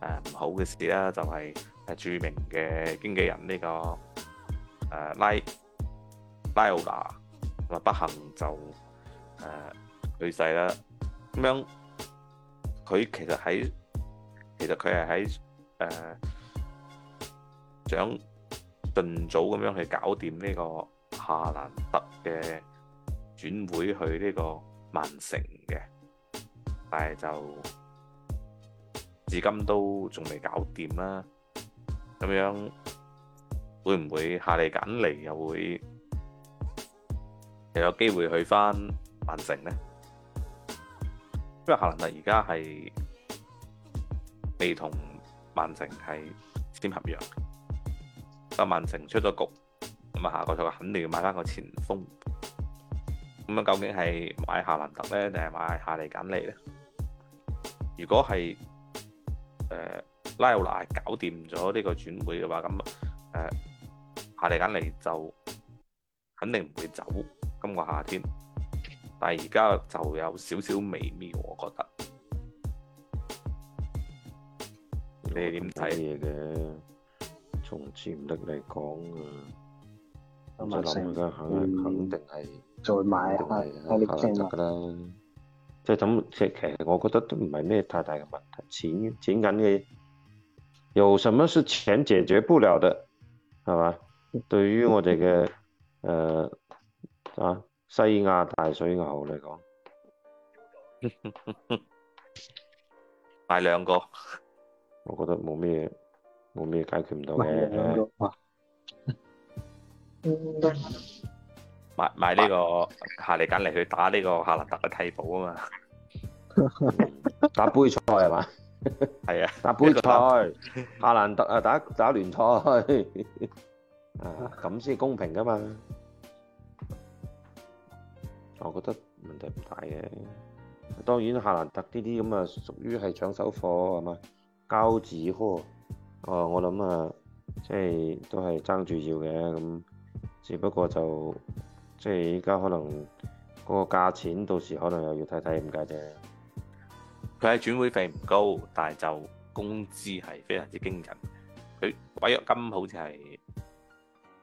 誒唔好嘅事啦，就係誒著名嘅經紀人呢個誒拉拉奧娜，咁啊不幸就。誒、呃，女仔啦，咁樣佢其實喺，其實佢係喺誒，想盡早咁樣去搞掂呢個夏蘭特嘅轉會去呢個曼城嘅，但係就至今都仲未搞掂啦，咁樣會唔會下嚟緊嚟又會又有機會去翻？曼城呢？因為夏蘭特而家係未同曼城係簽合約，就曼城出咗局，咁啊下個賽季肯定要買翻個前鋒。咁啊，究竟係買夏蘭特呢？定係買夏利簡尼呢？如果係、呃、拉奧娜搞掂咗呢個轉會嘅話，咁誒、呃、夏利簡尼就肯定唔會走今個夏天。但係而家就有少少微妙，我覺得。你點睇嘢嘅？從潛力嚟講啊，嗯就嗯，再諗下，肯肯定係再買啊，係得㗎啦。即係咁，其實我覺得都唔係咩太大嘅問題。錢錢緊嘅，有什麼是錢解決不了嘅？係嘛？對於我哋嘅誒啊～西亞大水牛嚟講，買兩個，我覺得冇咩冇咩解決唔到嘅。買買呢、這個、個夏利簡嚟去打呢個夏蘭特嘅替補啊嘛， *laughs* 打杯賽係嘛？係啊，打杯賽，夏蘭特打打聯 *laughs* 啊打打聯賽咁先公平噶嘛。我覺得問題唔大嘅，當然夏蘭特呢啲咁啊，屬於係搶手貨係嘛，膠子科，啊我諗啊，即係都係爭住要嘅，咁只不過就即係依家可能嗰個價錢到時可能又要睇睇點解啫。佢係轉會費唔高，但係就工資係非常之驚人。佢違約金好似係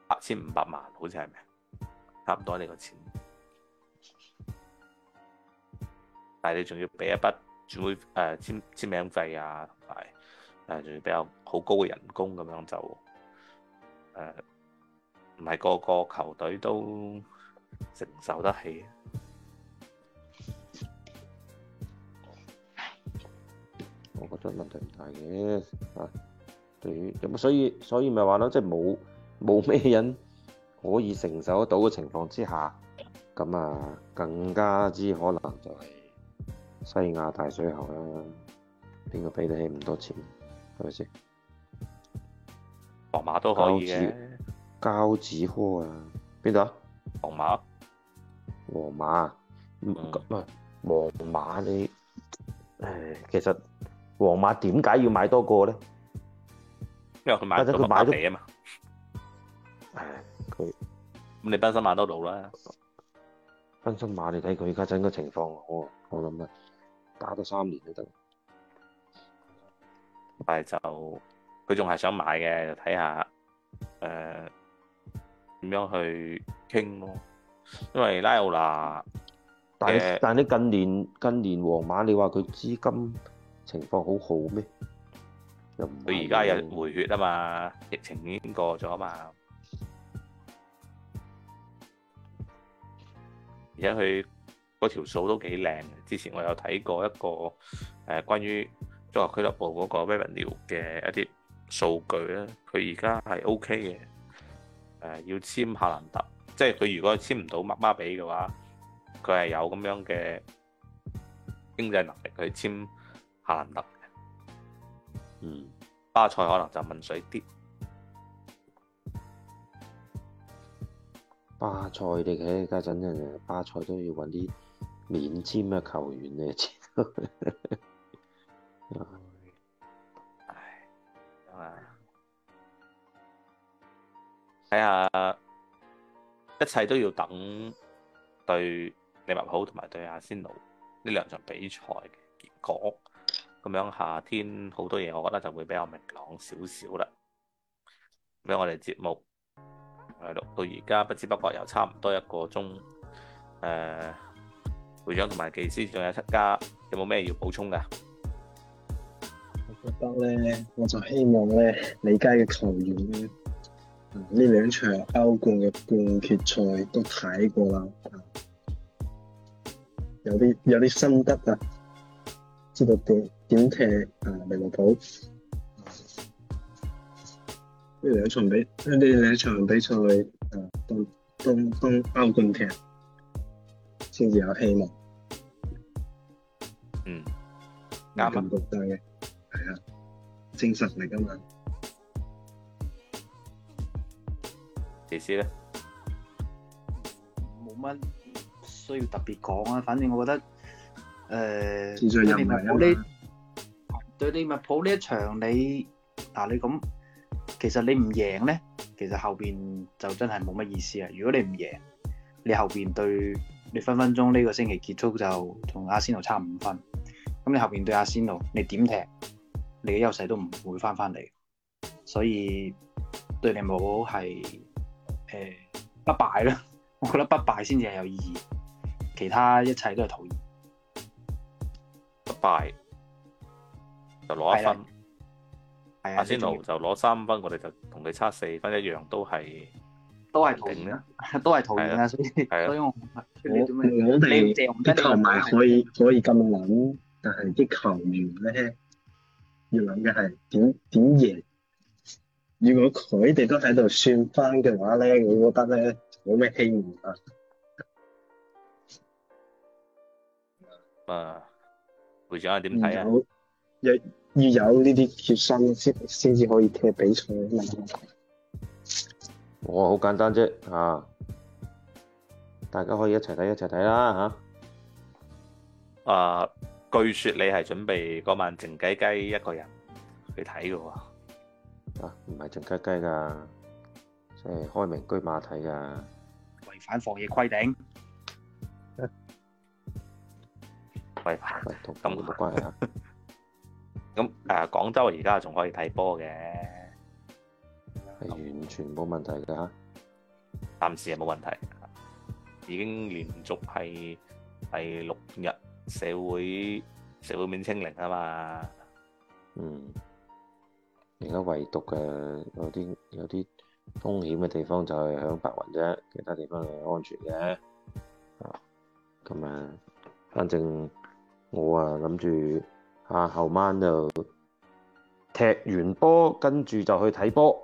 八千五百萬，好似係咩？差唔多你個錢。但你仲要俾一筆轉會誒簽簽名費啊，同埋誒仲要比較好高嘅人工咁樣，就誒唔係個個球隊都承受得起，啊。我覺得問題唔大嘅啊，對於咁所以所以咪話咯，即係冇冇咩人可以承受得到嘅情況之下，咁啊更加之可能就係，是。西亞大水喉啦、啊，邊個畀得起咁多錢？係咪先？皇馬都可以嘅，交子科啊，邊度、啊？皇馬？皇馬？皇馬？啊，皇馬，你……誒，其實皇馬點解要買多個咧？因為佢買咗個馬都俾啊嘛。誒，佢……咁你賓斯馬都老啦。賓斯馬，你睇佢而家整個情況好好，咁啊。打多三年都得，但係就佢仲係想買嘅，睇下，誒、呃，點樣去傾咯？因為拉奧娜，但、呃、但你近年近年皇馬，你話佢資金情況好好咩？佢而家又回血啊嘛，疫情已經過咗嘛，而且佢。嗰條數都幾靚，之前我有睇過一個誒關於足球俱樂部嗰個 Revenue 嘅一啲數據咧，佢而家係 OK 嘅。誒要簽夏蘭特，即係佢如果簽唔到馬馬比嘅話，佢係有咁樣嘅經濟能力去簽夏蘭特嘅。嗯，巴塞可能就問水啲。巴塞哋嘅家陣，巴塞都要揾啲。免簽嘅球員，你又知道，睇 *laughs* 下一切都要等對利物浦同埋對阿仙奴呢兩場比賽嘅結果。咁樣夏天好多嘢，我覺得就會比較明朗少少啦。咁我哋節目錄到而家，不知不覺又差唔多一個鐘。誒、呃、～會長同埋技師仲有七家，有冇咩要補充噶？我覺得咧，我就希望咧，你家嘅球員咧，呢兩場歐冠嘅半決賽都睇過啦，有啲有啲心得啊，知道點點踢利物浦。呢兩,兩場比賽，呢兩場比賽都都都歐冠踢。先至有希望，嗯，廿分局制嘅係啊，精神嚟噶嘛？迪斯咧冇乜需要特別講啊。反正我覺得誒，對利物浦呢對利物浦呢一場，你嗱你咁，其實你唔贏咧，其實後邊就真係冇乜意思啊。如果你唔贏，你後邊對。你分分鐘呢個星期結束就同阿仙奴差五分，咁你後面對阿仙奴，你點踢，你嘅優勢都唔會翻翻嚟，所以對你冇係誒不敗啦，我覺得不敗先至係有意義，其他一切都係徒然。不敗就攞一分，阿仙奴就攞三分，分，我哋就同你差四分一樣都係，都係。都係同嘅，啊，都係同嘅，所以所以我我哋啲球迷可以可以咁諗，但係啲球員咧要諗嘅係點點贏。如果佢哋都喺度算翻嘅話咧，我覺得咧冇咩希望，啊。得。啊，會長點睇啊？要要有呢啲決心先先至可以踢比賽。我好簡單啫，吓，大家可以一齊睇一齊睇啦，吓。啊，據說你係準備嗰晚靜雞雞一個人去睇噶喎。啊，唔係靜雞雞噶，即係開明車馬睇噶。違反防疫規定。喂，喂，同咁冇關係啊。咁誒，廣州而家仲可以睇波嘅。係完全冇問題嘅吓、啊，暫時係冇問題，已經連續係第六日社會社會面清零啊嘛。嗯，而家唯獨嘅有啲有啲風險嘅地方就係響白雲啫，其他地方係安全嘅。咁、嗯、啊，反正我啊諗住啊後晚就踢完波，跟住就去睇波。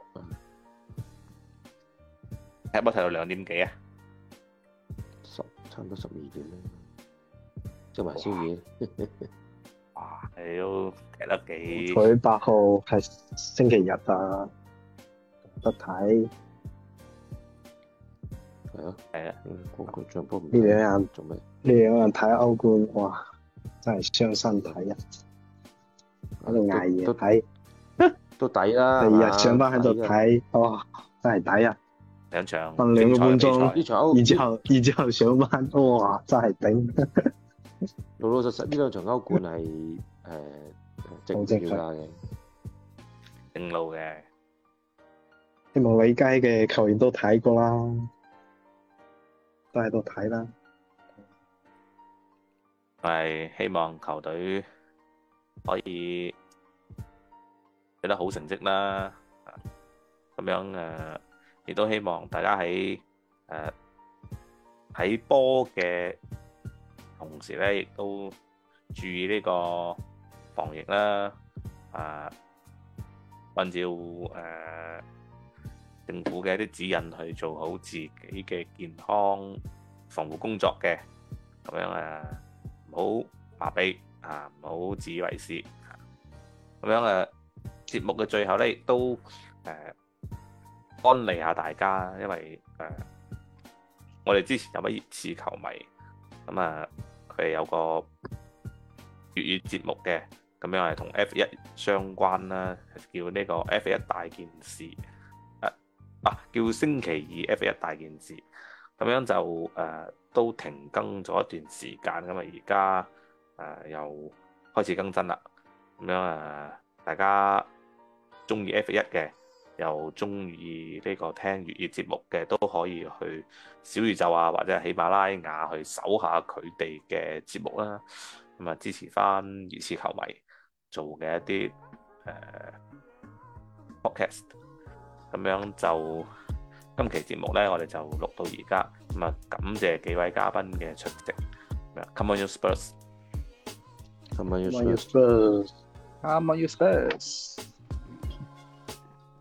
踢波踢到兩點幾啊？差唔多十二點啦，食埋宵夜啊，哇！你都踢得幾？佢八號係星期日啊，得睇。係啊係啊，嗯、冠軍獎盃唔？呢兩人做咩？呢兩人睇歐冠哇，真係傷身體啊！喺度捱夜都睇，都抵啦、啊。第二日上班喺度睇，哇、哦！真係抵啊！兩場，瞓兩個半鐘，然之後，然之後上班，哇，真係頂。老老實實呢兩場歐冠係誒，正正嘅，正路嘅。希望李佳嘅球員都睇過啦，都喺度睇啦。係希望球隊可以取得好成績啦，咁樣誒。呃亦都希望大家喺誒睇波嘅同時咧，亦都注意呢個防疫啦。啊，按照、呃、政府嘅一啲指引去做好自己嘅健康防護工作嘅，咁樣誒唔好麻痹啊，唔好自以為是。咁樣誒、啊、節目嘅最後咧，都誒。呃安利下大家，因為誒、呃，我哋之前有位熱刺球迷咁啊，佢、嗯呃、有個粵語節目嘅，咁樣係同 F1 相關啦，叫呢個 F1 大件事，呃、啊叫星期二 F1 大件事，咁樣就誒、呃、都停更咗一段時間，咁啊而家誒又開始更新啦，咁樣誒、呃、大家鍾意 F1 嘅，又中意呢個聽粵語節目嘅，都可以去小宇宙啊，或者喜馬拉雅去搜下佢哋嘅節目啦。咁啊，支持返二次球迷做嘅一啲誒 podcast，咁樣就今期節目咧，我哋就錄到而家。咁啊，感謝幾位嘉賓嘅出席。Come on you Spurs！Come on you Spurs！Come on you Spurs！